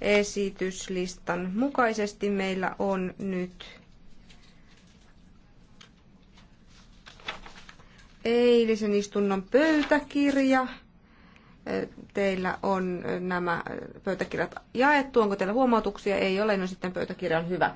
esityslistan mukaisesti meillä on nyt eilisen istunnon pöytäkirja. Teillä on nämä pöytäkirjat jaettu. Onko teillä huomautuksia? Ei ole, no sitten pöytäkirja on hyväksytty.